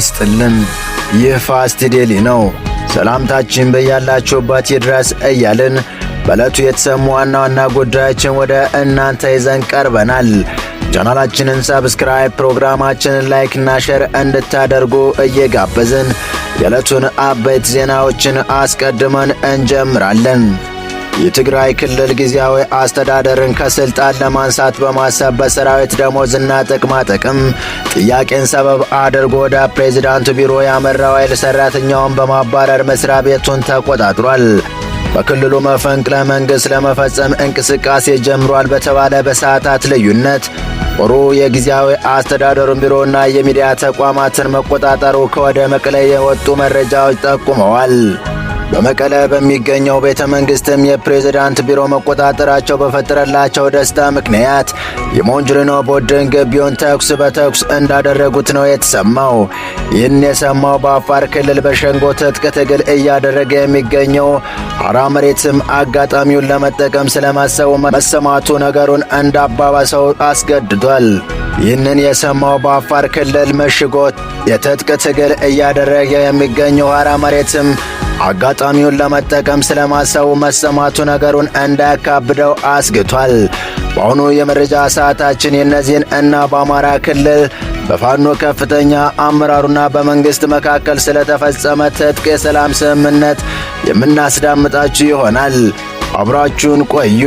ይስጥልን። ይህ ፋስት ዴሊ ነው። ሰላምታችን በያላችሁበት ይድረስ እያልን በዕለቱ የተሰሙ ዋና ዋና ጉዳዮችን ወደ እናንተ ይዘን ቀርበናል። ቻናላችንን ሰብስክራይብ፣ ፕሮግራማችንን ላይክ እና ሼር እንድታደርጉ እየጋበዝን የዕለቱን አበይት ዜናዎችን አስቀድመን እንጀምራለን። የትግራይ ክልል ጊዜያዊ አስተዳደርን ከስልጣን ለማንሳት በማሰብ በሰራዊት ደሞዝና ጥቅማ ጥቅም ጥያቄን ሰበብ አድርጎ ወደ ፕሬዚዳንቱ ቢሮ ያመራው ኃይል ሰራተኛውን በማባረር መስሪያ ቤቱን ተቆጣጥሯል። በክልሉ መፈንቅለ መንግሥት ለመፈጸም እንቅስቃሴ ጀምሯል በተባለ በሰዓታት ልዩነት ጦሩ የጊዜያዊ አስተዳደሩን ቢሮና የሚዲያ ተቋማትን መቆጣጠሩ ከወደ መቀሌ የወጡ መረጃዎች ጠቁመዋል። በመቀለ በሚገኘው ቤተ መንግስትም የፕሬዝዳንት ቢሮ መቆጣጠራቸው በፈጠረላቸው ደስታ ምክንያት የሞንጅሪኖ ቡድን ግቢውን ተኩስ በተኩስ እንዳደረጉት ነው የተሰማው። ይህን የሰማው በአፋር ክልል በሸንጎ ትጥቅ ትግል እያደረገ የሚገኘው ሐራ መሬትም አጋጣሚውን ለመጠቀም ስለማሰቡ መሰማቱ ነገሩን እንዳባባሰው አስገድዷል። ይህንን የሰማው በአፋር ክልል መሽጎ የትጥቅ ትግል እያደረገ የሚገኘው ሐራ መሬትም አጋጣሚውን ለመጠቀም ስለማሰቡ መሰማቱ ነገሩን እንዳያካብደው አስግቷል። በአሁኑ የመረጃ ሰዓታችን የእነዚህን እና በአማራ ክልል በፋኖ ከፍተኛ አመራሩና በመንግሥት መካከል ስለተፈጸመ ትጥቅ የሰላም ስምምነት የምናስዳምጣችሁ ይሆናል። አብራችሁን ቆዩ።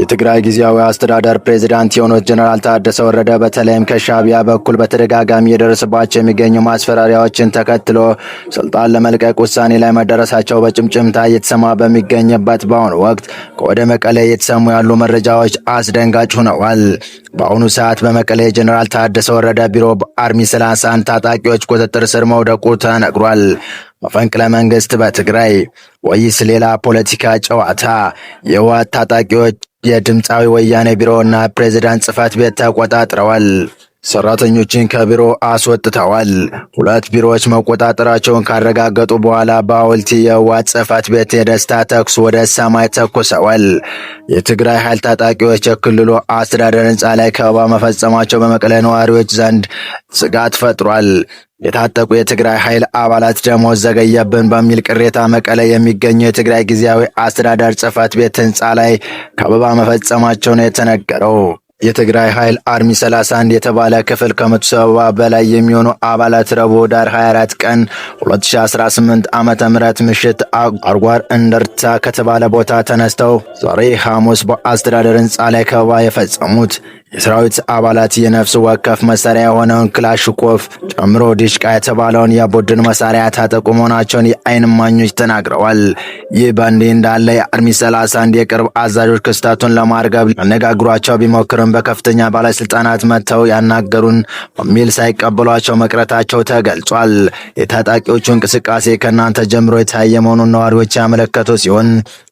የትግራይ ጊዜያዊ አስተዳደር ፕሬዚዳንት የሆኑት ጀኔራል ታደሰ ወረደ በተለይም ከሻቢያ በኩል በተደጋጋሚ የደረስባቸው የሚገኙ ማስፈራሪያዎችን ተከትሎ ስልጣን ለመልቀቅ ውሳኔ ላይ መደረሳቸው በጭምጭምታ እየተሰማ በሚገኝበት በአሁኑ ወቅት ከወደ መቀለ እየተሰሙ ያሉ መረጃዎች አስደንጋጭ ሆነዋል። በአሁኑ ሰዓት በመቀሌ ጀኔራል ታደሰ ወረደ ቢሮ አርሚ 31 ታጣቂዎች ቁጥጥር ስር መውደቁ ተነግሯል። መፈንቅለ መንግስት በትግራይ ወይስ ሌላ ፖለቲካ ጨዋታ? የህወሓት ታጣቂዎች የድምፃዊ ወያኔ ቢሮና ፕሬዚዳንት ጽህፈት ቤት ተቆጣጥረዋል። ሰራተኞችን ከቢሮ አስወጥተዋል። ሁለት ቢሮዎች መቆጣጠራቸውን ካረጋገጡ በኋላ በሐውልቲ የህወሓት ጽሕፈት ቤት የደስታ ተኩስ ወደ ሰማይ ተኩሰዋል። የትግራይ ኃይል ታጣቂዎች የክልሉ አስተዳደር ህንፃ ላይ ከበባ መፈጸማቸው በመቀለ ነዋሪዎች ዘንድ ስጋት ፈጥሯል። የታጠቁ የትግራይ ኃይል አባላት ደሞዝ ዘገየብን በሚል ቅሬታ መቀለ የሚገኘው የትግራይ ጊዜያዊ አስተዳደር ጽሕፈት ቤት ህንፃ ላይ ከበባ መፈጸማቸው ነው የተነገረው። የትግራይ ኃይል አርሚ 31 የተባለ ክፍል ከ ሰባ በላይ የሚሆኑ አባላት ረቡዕ ዳር 24 ቀን 2018 ዓ ም ምሽት አርጓር እንደርታ ከተባለ ቦታ ተነስተው ዛሬ ሐሙስ በአስተዳደር ህንፃ ላይ ከበባ የፈጸሙት የሰራዊት አባላት የነፍስ ወከፍ መሳሪያ የሆነውን ክላሽኮፍ ጨምሮ ዲሽቃ የተባለውን የቡድን መሳሪያ ታጠቁ መሆናቸውን የአይን ማኞች ተናግረዋል። ይህ በእንዲህ እንዳለ የአርሚ 31 የቅርብ አዛዦች ክስተቱን ለማርገብ ያነጋግሯቸው ቢሞክርም በከፍተኛ ባለስልጣናት መጥተው ያናገሩን በሚል ሳይቀበሏቸው መቅረታቸው ተገልጿል። የታጣቂዎቹ እንቅስቃሴ ከእናንተ ጀምሮ የታየ መሆኑን ነዋሪዎች ያመለከቱ ሲሆን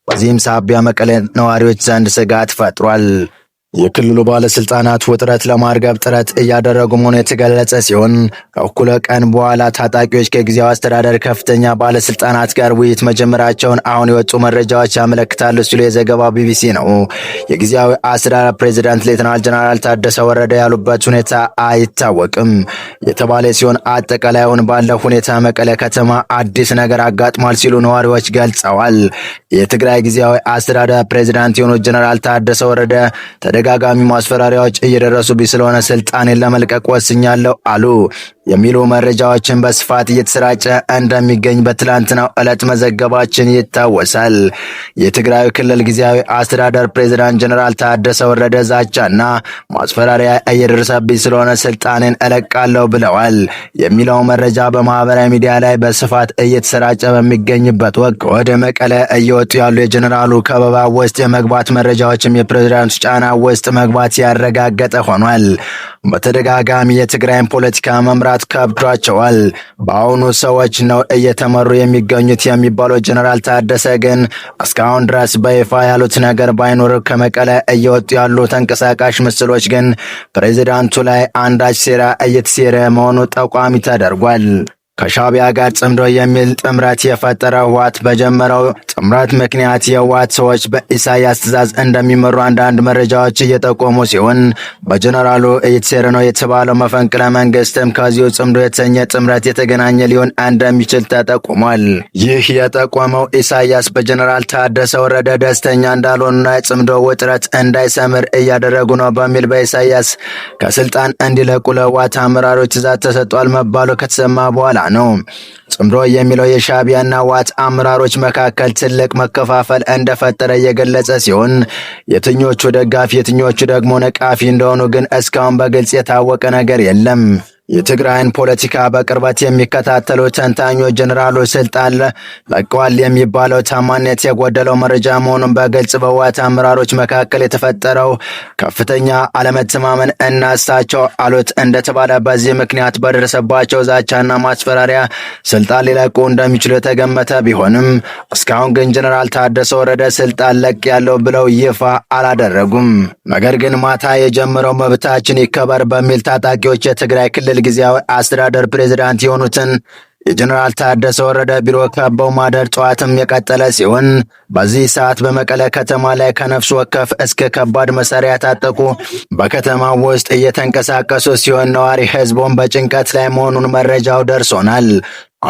በዚህም ሳቢያ መቀሌ ነዋሪዎች ዘንድ ስጋት ፈጥሯል። የክልሉ ባለስልጣናት ውጥረት ለማርገብ ጥረት እያደረጉ መሆኑ የተገለጸ ሲሆን ከእኩለ ቀን በኋላ ታጣቂዎች ከጊዜያዊ አስተዳደር ከፍተኛ ባለስልጣናት ጋር ውይይት መጀመራቸውን አሁን የወጡ መረጃዎች ያመለክታሉ ሲሉ የዘገባው ቢቢሲ ነው። የጊዜያዊ አስተዳደር ፕሬዚዳንት ሌተናል ጀነራል ታደሰ ወረደ ያሉበት ሁኔታ አይታወቅም የተባለ ሲሆን አሁን ባለው ሁኔታ መቀለ ከተማ አዲስ ነገር አጋጥሟል ሲሉ ነዋሪዎች ገልጸዋል። የትግራይ ጊዜያዊ አስተዳደር ፕሬዚዳንት የሆኑት ጀነራል ታደሰ ወረደ ተደጋጋሚ ማስፈራሪያዎች እየደረሱብኝ ስለሆነ ስልጣኔን ለመልቀቅ ወስኛለሁ አሉ የሚሉ መረጃዎችን በስፋት እየተሰራጨ እንደሚገኝ በትላንትናው ዕለት መዘገባችን ይታወሳል። የትግራይ ክልል ጊዜያዊ አስተዳደር ፕሬዝዳንት ጀኔራል ታደሰ ወረደ ዛቻና ማስፈራሪያ እየደረሰብኝ ስለሆነ ስልጣኔን እለቃለሁ ብለዋል የሚለው መረጃ በማህበራዊ ሚዲያ ላይ በስፋት እየተሰራጨ በሚገኝበት ወቅት ወደ መቀለ እየወጡ ያሉ የጀኔራሉ ከበባ ውስጥ የመግባት መረጃዎችም የፕሬዝዳንቱ ጫና ውስጥ መግባት ያረጋገጠ ሆኗል። በተደጋጋሚ የትግራይን ፖለቲካ መምራት ከብዷቸዋል። በአሁኑ ሰዎች ነው እየተመሩ የሚገኙት የሚባለው ጀነራል ታደሰ ግን እስካሁን ድረስ በይፋ ያሉት ነገር ባይኖር ከመቀለ እየወጡ ያሉ ተንቀሳቃሽ ምስሎች ግን ፕሬዚዳንቱ ላይ አንዳች ሴራ እየተሴረ መሆኑ ጠቋሚ ተደርጓል። ከሻቢያ ጋር ጽምዶ የሚል ጥምረት የፈጠረው ህወሓት በጀመረው ጥምረት ምክንያት የህወሓት ሰዎች በኢሳያስ ትዕዛዝ እንደሚመሩ አንዳንድ መረጃዎች እየጠቆሙ ሲሆን በጀነራሉ እየተሴረ ነው የተባለው መፈንቅለ መንግስትም ከዚሁ ጽምዶ የተሰኘ ጥምረት የተገናኘ ሊሆን እንደሚችል ተጠቁሟል። ይህ የጠቆመው ኢሳያስ በጀነራል ታደሰ ወረደ ደስተኛ እንዳልሆኑና የጽምዶ ውጥረት እንዳይሰምር እያደረጉ ነው በሚል በኢሳያስ ከስልጣን እንዲለቁ ለህወሓት አመራሮች ትእዛዝ ተሰጥቷል መባሉ ከተሰማ በኋላ ነው። ጽምዶ የሚለው የሻቢያና ዋት አመራሮች መካከል ትልቅ መከፋፈል እንደፈጠረ የገለጸ ሲሆን የትኞቹ ደጋፊ የትኞቹ ደግሞ ነቃፊ እንደሆኑ ግን እስካሁን በግልጽ የታወቀ ነገር የለም። የትግራይን ፖለቲካ በቅርበት የሚከታተሉ ተንታኞች ጀኔራሎች ስልጣን ለቀዋል የሚባለው ታማኝነት የጎደለው መረጃ መሆኑን በግልጽ በህወሓት አመራሮች መካከል የተፈጠረው ከፍተኛ አለመተማመን እና እሳቸው አሉት እንደተባለ በዚህ ምክንያት በደረሰባቸው ዛቻና ማስፈራሪያ ስልጣን ሊለቁ እንደሚችሉ የተገመተ ቢሆንም እስካሁን ግን ጀኔራል ታደሰ ወረደ ስልጣን ለቅ ያለው ብለው ይፋ አላደረጉም። ነገር ግን ማታ የጀመረው መብታችን ይከበር በሚል ታጣቂዎች የትግራይ ክልል ጊዜያዊ አስተዳደር ፕሬዝዳንት የሆኑትን የጀኔራል ታደሰ ወረደ ቢሮ ከበው ማደር ጠዋትም የቀጠለ ሲሆን በዚህ ሰዓት በመቀለ ከተማ ላይ ከነፍስ ወከፍ እስከ ከባድ መሳሪያ ያታጠቁ በከተማው ውስጥ እየተንቀሳቀሱ ሲሆን ነዋሪ ሕዝቡን በጭንቀት ላይ መሆኑን መረጃው ደርሶናል።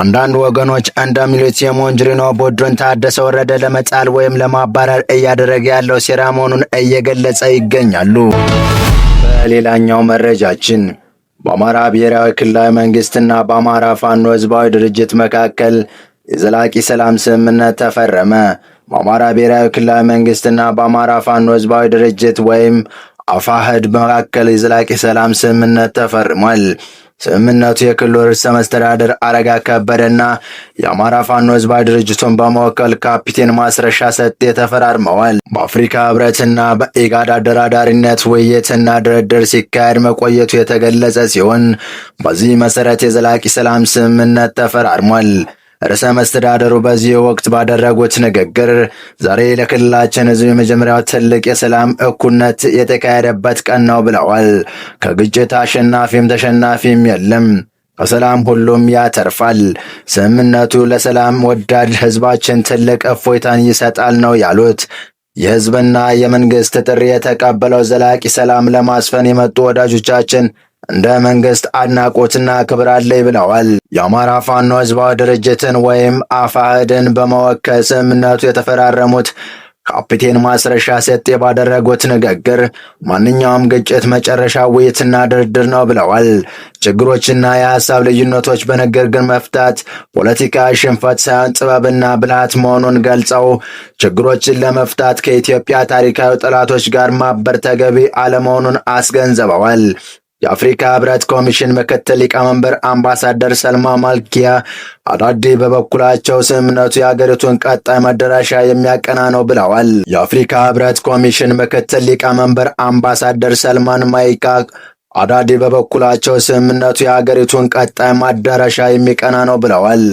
አንዳንድ ወገኖች እንደሚሉት የሞንጅሪኖ ቡድን ታደሰ ወረደ ለመጣል ወይም ለማባረር እያደረገ ያለው ሴራ መሆኑን እየገለጸ ይገኛሉ። በሌላኛው መረጃችን በአማራ ብሔራዊ ክልላዊ መንግስትና በአማራ ፋኖ ህዝባዊ ድርጅት መካከል የዘላቂ ሰላም ስምምነት ተፈረመ። በአማራ ብሔራዊ ክልላዊ መንግስትና በአማራ ፋኖ ህዝባዊ ድርጅት ወይም አፋህድ በመካከል የዘላቂ ሰላም ስምምነት ተፈርሟል። ስምምነቱ የክልሉ ርዕሰ መስተዳደር አረጋ ከበደና የአማራ ፋኖ ህዝባዊ ድርጅቱን በመወከል ካፒቴን ማስረሻ ሰጤ ተፈራርመዋል። በአፍሪካ ህብረትና በኢጋድ አደራዳሪነት ውይይትና ድርድር ሲካሄድ መቆየቱ የተገለጸ ሲሆን በዚህ መሰረት የዘላቂ ሰላም ስምምነት ተፈራርሟል። ርዕሰ መስተዳደሩ በዚህ ወቅት ባደረጉት ንግግር ዛሬ ለክልላችን ህዝብ የመጀመሪያው ትልቅ የሰላም እኩነት የተካሄደበት ቀን ነው ብለዋል። ከግጭት አሸናፊም ተሸናፊም የለም። ከሰላም ሁሉም ያተርፋል። ስምምነቱ ለሰላም ወዳድ ሕዝባችን ትልቅ እፎይታን ይሰጣል ነው ያሉት። የህዝብና የመንግሥት ጥሪ የተቀበለው ዘላቂ ሰላም ለማስፈን የመጡ ወዳጆቻችን እንደ መንግስት አድናቆትና ክብር አለኝ ብለዋል። የአማራ ፋኖ ህዝባዊ ድርጅትን ወይም አፋህድን በመወከል ስምምነቱ የተፈራረሙት ካፒቴን ማስረሻ ሰጤ ባደረጉት ንግግር ማንኛውም ግጭት መጨረሻ ውይይትና ድርድር ነው ብለዋል። ችግሮችና የሀሳብ ልዩነቶች በንግግር መፍታት ፖለቲካ ሽንፈት ሳይሆን ጥበብና ብልሃት መሆኑን ገልጸው ችግሮችን ለመፍታት ከኢትዮጵያ ታሪካዊ ጠላቶች ጋር ማበር ተገቢ አለመሆኑን አስገንዝበዋል። የአፍሪካ ህብረት ኮሚሽን ምክትል ሊቀመንበር አምባሳደር ሰልማ ማልኪያ አዳዲ በበኩላቸው ስምምነቱ የአገሪቱን ቀጣይ መዳረሻ የሚያቀና ነው ብለዋል። የአፍሪካ ህብረት ኮሚሽን ምክትል ሊቀመንበር አምባሳደር ሰልማን ማይካ አዳዲ በበኩላቸው ስምምነቱ የአገሪቱን ቀጣይ ማዳረሻ የሚቀና ነው ብለዋል።